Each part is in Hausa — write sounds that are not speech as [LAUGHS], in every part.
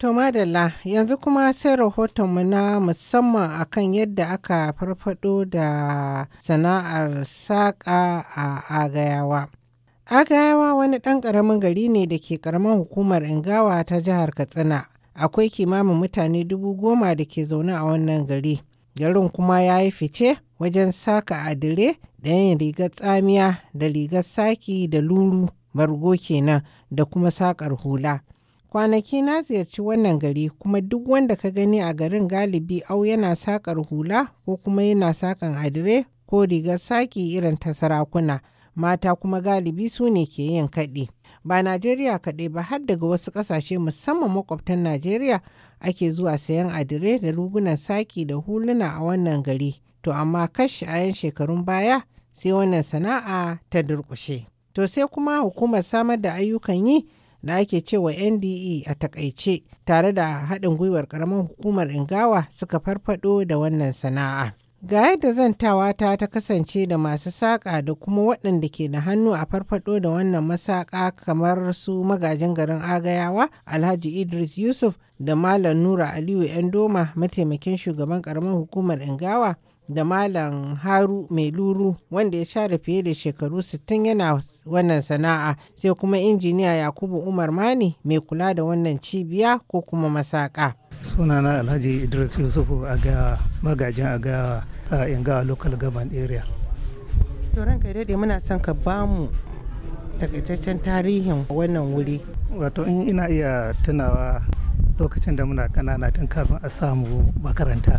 To madalla yanzu kuma sai rahotonmu na musamman akan yadda aka farfado da sana'ar saƙa a agayawa. Agayawa wani ɗan ƙaramin gari ne da ke ƙaramin hukumar Ingawa ta jihar Katsina. Akwai kimanin mutane dubu goma da ke zaune a wannan gari. Garin kuma ya yi fice wajen saka adire da yin rigar tsamiya da rigar saki da luru bargo kenan da kuma saƙar hula. Kwanaki na ziyarci wannan gari kuma duk wanda ka gani a garin galibi au yana sakar hula ko kuma yana sakan adire ko rigar saki irin ta sarakuna. Mata kuma galibi su ne ke yin kaɗi. Ba Najeriya kaɗai ba har daga wasu ƙasashe musamman makwabtan Najeriya ake zuwa sayan adire da rugunan saki da huluna a wannan gari. To amma kashi a 'yan shekarun baya sai wannan sana'a ta durƙushe. To sai kuma hukumar samar da ayyukan yi da ake cewa NDE a takaice tare da haɗin gwiwar ƙaramin hukumar Ingawa suka farfado da wannan sana'a. Ga yadda zantawa ta ta kasance da masu saƙa da kuma waɗanda ke da hannu a farfado da wannan masaƙa kamar su magajin garin Agayawa Alhaji Idris Yusuf da Malam Nura Aliyu ƴan-Doma, mataimakin shugaban ƙaramin hukumar Ingawa da Malam Haru mai luru wanda ya share fiye da shekaru 60 yana wannan sana'a sai kuma injiniya Yakubu Umar Mani mai kula da wannan cibiya ko kuma masaka. Sunana Alhaji Idris Yusufu a ga magajin a ga Ingawa Local Government Area. Turan kai daidai muna son ka bamu takaitaccen tarihin wannan wuri. Wato in ina iya tunawa lokacin da muna kanana tun kafin a samu makaranta.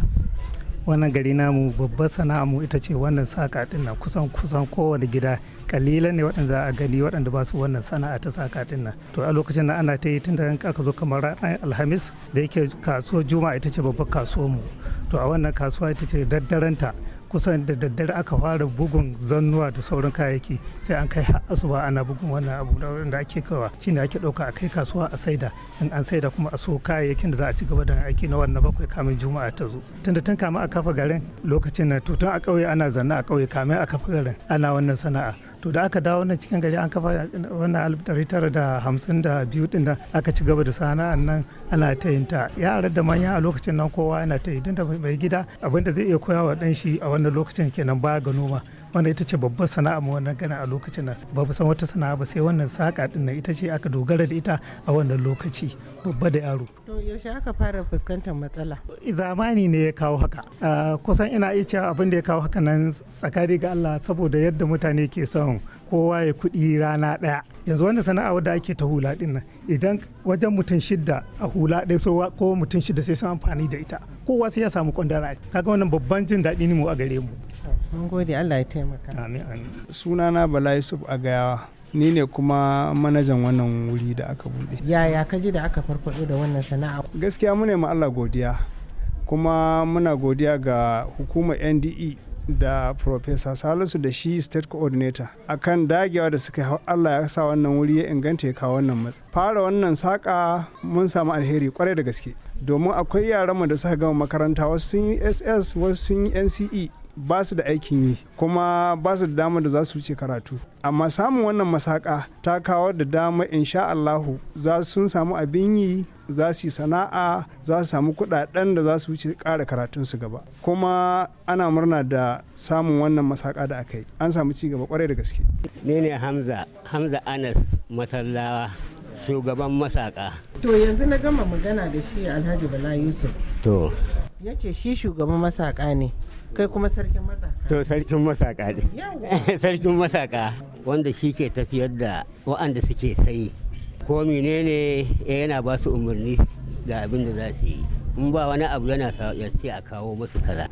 wannan gari namu babbar sana'a mu ita ce wannan saka din nan kusan kusan kowane gida kalila ne waɗanda za a gani waɗanda ba su wannan sana'a ta saka din nan to a lokacin nan ana ta yi tun da aka zo kamar ranar alhamis da yake kasuwar juma'a ita ce babbar kasuwar mu to a wannan kasuwa ita ce daddaranta kusan da daddare aka fara bugun zannuwa da sauran kayayyaki sai an kai har asuba ana bugun wannan abu da ake kawa shine ake ɗauka a kai kasuwa a saida in an saida kuma a so kayayyakin da za a ci gaba da aiki na wannan bakwai kamin juma'a ta zo tunda tun kama a kafa garin lokacin na tutun a kauye ana zanna a kauye kamin a kafa garin ana wannan sana'a to da aka dawo na cikin gari an kafa wannan alif ɗari tara da hamsin da biyu ɗin da aka ci gaba da sana'an nan ana ta yin ta yara da manya a lokacin nan kowa yana ta yi don da mai gida abinda zai iya koya wa ɗan shi a wannan lokacin kenan baya ga noma wanda ita ce babbar sana'a mu wannan gana a lokacin nan ba san wata sana'a ba sai wannan saka din nan ita ce aka dogara da ita a wannan lokaci babba da yaro to yaushe aka fara fuskantar matsala zamani ne ya kawo haka kusan ina iya cewa abin da ya kawo haka nan tsakani ga Allah saboda yadda mutane ke son kowa ya kuɗi rana ɗaya yanzu wanda sana'a wadda ake ta hula ɗin nan idan wajen mutum shidda a hula ɗaya so ko mutum shidda sai sun amfani da ita kowa sai ya samu kwandara kaga wannan babban jin daɗi ne mu a gare mu mun gode Allah ya taimaka amin amin sunana Bala Yusuf Agayawa ni ne kuma manajan wannan wuri da aka buɗe yaya ka ji da aka farfaɗo da wannan sana'a gaskiya mu ne ma Allah godiya kuma muna godiya ga hukumar NDE da Professor Salisu da shi State Coordinator akan dagewa da suka hau Allah ya sa wannan wuri ya inganta ya kawo wannan matsa. Fara wannan saƙa mun samu alheri kwarai da gaske. Domin akwai yaranmu da suka gama makaranta wasu sun yi SS wasu sun yi NCE ba su da aikin yi kuma ba su da dama da za su wuce karatu amma samun wannan masaka ta kawo da dama insha Allahu za sun samu abin yi za su yi sana'a za su samu kudaden da za su wuce karatun su gaba kuma ana murna da samun wannan masaka da aka yi an samu ci gaba kwarai da gaske ne ne hamza hamza anas matallawa shugaban masaka to yanzu na gama magana da shi alhaji bala yusuf to ya ce shi shugaban masaka ne kai kuma sarkin masaka to sarkin masaka ne [LAUGHS] sarkin masaka wanda shi ke tafiyar da wa'anda suke sayi ko menene eh, yana ba su umarni ga abin da za su yi in ba wani abu yana ya ce a kawo musu kaza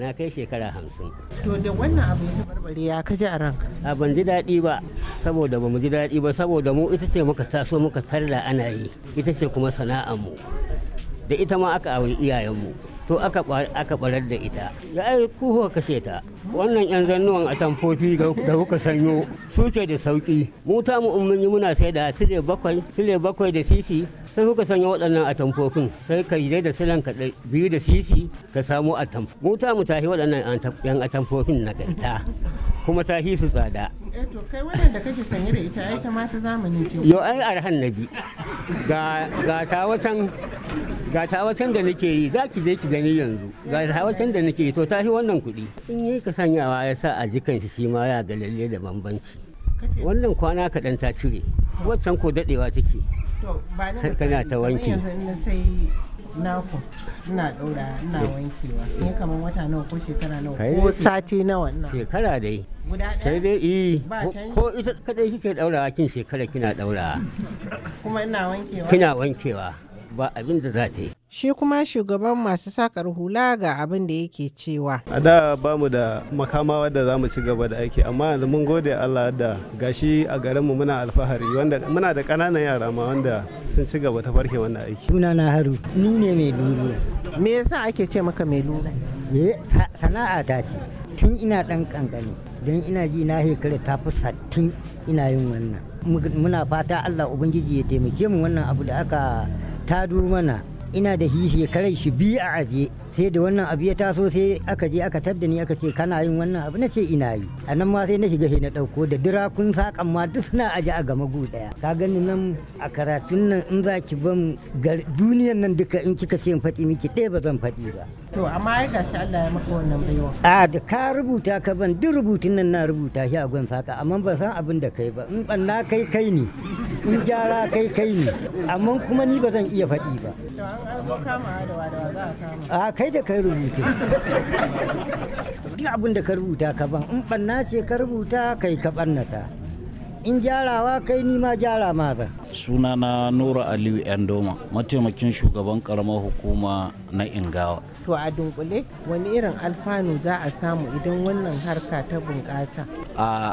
na kai shekara hamsin to da wannan abu ya barbare ya kaji a ranka a ban ji daɗi ba saboda ba mu ji daɗi ba saboda mu ita ce muka taso muka tarda ana yi ita ce kuma sana'a mu da ita ma aka auri iyayenmu to aka aka barar da ita ya ai kuhuwa kashe ta wannan yan zannuwan a tamfofi da kuka sanyo ce da sauki mu ta mu mun yi muna sai da sile bakwai sile bakwai da sisi sai kuka sanyo waɗannan a tamfofin sai ka yi da silan ka biyu da sisi ka samu a tamfo mu ta mu tahi waɗannan yan a tamfofin na garta kuma ta su tsada eh, to kai wannan da kake sanye da ita ai ta masu zamani ce yo ai arhan nabi ga ga ta wasan. ga ta tawatan da nake yi za ki je ki gani yanzu ga ta tawatan da nake yi to fi wannan kuɗi in yi ka sanyawa ya sa a jikan shi shi ma ya galalle da bambanci wannan kwana kaɗan ta cire waccan ko daɗewa take kana ta wanki naku ina ɗaura ina eh. wankewa ne kamar wata nawa ko shekara nawa ko sati nawa ina shekara dai sai dai eh ko ita kadai kike ɗaurawa kin shekara kina ɗaurawa kuma ina wankewa kina wankewa ba abin da za ta yi shi kuma shugaban masu sakar hula ga abin da yake cewa a da ba mu da makama da za mu ci gaba da aiki amma yanzu mun gode allah da gashi a garinmu muna alfahari wanda muna da ƙananan yara ma wanda sun ci gaba ta farke wannan aiki suna na haru ni ne mai lulu me yasa ake ce maka mai lulu sana'a ta ce tun ina ɗan ƙanƙani, don ina ji na shekara ta fi sattin ina yin wannan muna fata allah ubangiji ya taimake mu wannan abu da aka ta mana ina da hihe karai shi biyu a aje sai da wannan abu ya taso sai aka je aka tadda ni aka ce kana yin wannan abu na ce ina yi a nan ma sai na shiga na ɗauko da dirakun saƙan ma duk suna aje a gama gu ɗaya ka gani nan a karatun nan in za ki ban duniyan nan duka in kika ce in faɗi miki ɗaya ba zan faɗi ba. to amma ya gashi Allah ya maka wannan baiwa. a da ka rubuta ka ban duk rubutun nan na rubuta shi a gwan saƙa amma ban san abin da kai ba in ɓanna kai kai ne. in gyara kai kai ne amma kuma ni ba zan iya faɗi ba a kai da kai rubuta duk abin da ka rubuta ka ban in ɓanna ce ka rubuta kai ka ɓannata in gyarawa kai ni ma gyara ma zan sunana nura aliyu yandoma mataimakin shugaban karamar hukuma na ingawa to a dunkule wani irin alfanu za a samu idan wannan harka ta bunƙasa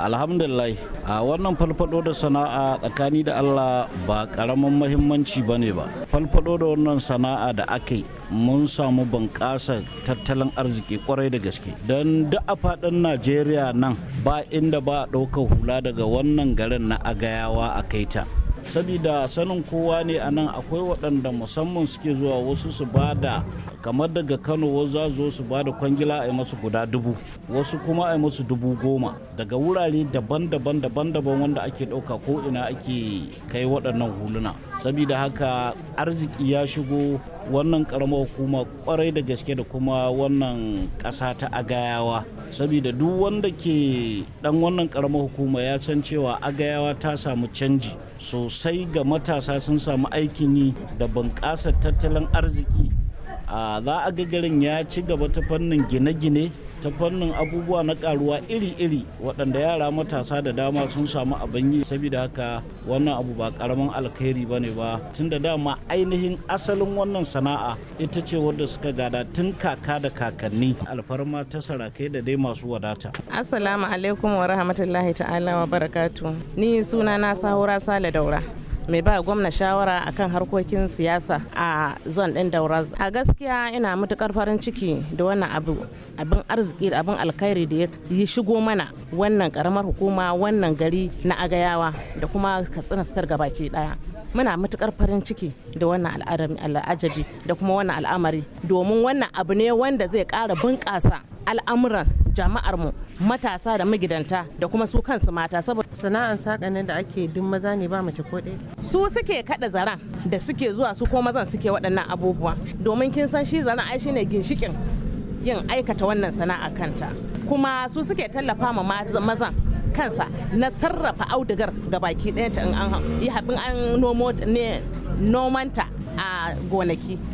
alhamdulillah a wannan falfado da sana'a tsakani da allah ba karamin mahimmanci ba ne ba falfado da wannan sana'a da aka yi mun samu bunƙasa tattalin arziki kwarai da gaske don duk a faɗin najeriya nan ba inda ba a ɗaukar hula daga wannan garin na agayawa a kaita sabida sanin kowa ne a nan akwai waɗanda musamman suke zuwa wasu su ba da kamar daga kano wasu zo su ba da kwangila a yi masu guda dubu wasu kuma a yi masu dubu goma daga wurare daban-daban daban-daban wanda ake ɗauka ko ina ake kai waɗannan huluna sabida haka arziki ya shigo wannan ƙaramar hukuma kwarai da gaske da kuma wannan ƙasa ta agayawa saboda duk wanda ke dan wannan karamar hukuma ya san cewa agayawa ta samu canji sosai ga matasa sun samu aikin yi da bunƙasar tattalin arziki za a ga garin ya ci gaba ta fannin gine-gine ta fannin abubuwa na karuwa iri-iri waɗanda yara matasa da dama sun samu abin yi saboda haka wannan abu ba karamin alkhairi ba ne ba tun da dama ainihin asalin wannan sana'a ita ce wadda suka gada tun kaka da kakanni alfarma ta sarakai da dai masu wadata assalamu alaikum wa rahmatullahi ta'ala wa barakatu ni suna na sahura sale daura mai ba gwamna shawara akan harkokin siyasa a zon ɗin daura a gaskiya ina matukar farin ciki da wannan abu abin arziki da abin alkhairi da ya yi shigo mana wannan karamar hukuma wannan gari na agayawa da kuma katsina sitar gabaki daya muna matukar farin ciki da wannan al'ajabi da kuma wannan al'amari domin wannan abu ne wanda zai kara bunƙasa al'amuran jama'armu mu matasa da magidanta da kuma su kansu mata saboda sana'an sakanin da ake duk maza ne ba mace ko ɗaya su suke kada zara da suke zuwa su ko mazan suke waɗannan abubuwa domin kin san shi zaren ai shine ginshikin yin aikata wannan sana'a kanta kuma su suke tallafa ma mazan kansa na sarrafa audugar gabaki ɗayanta in an yi haɓin an nomanta a gonaki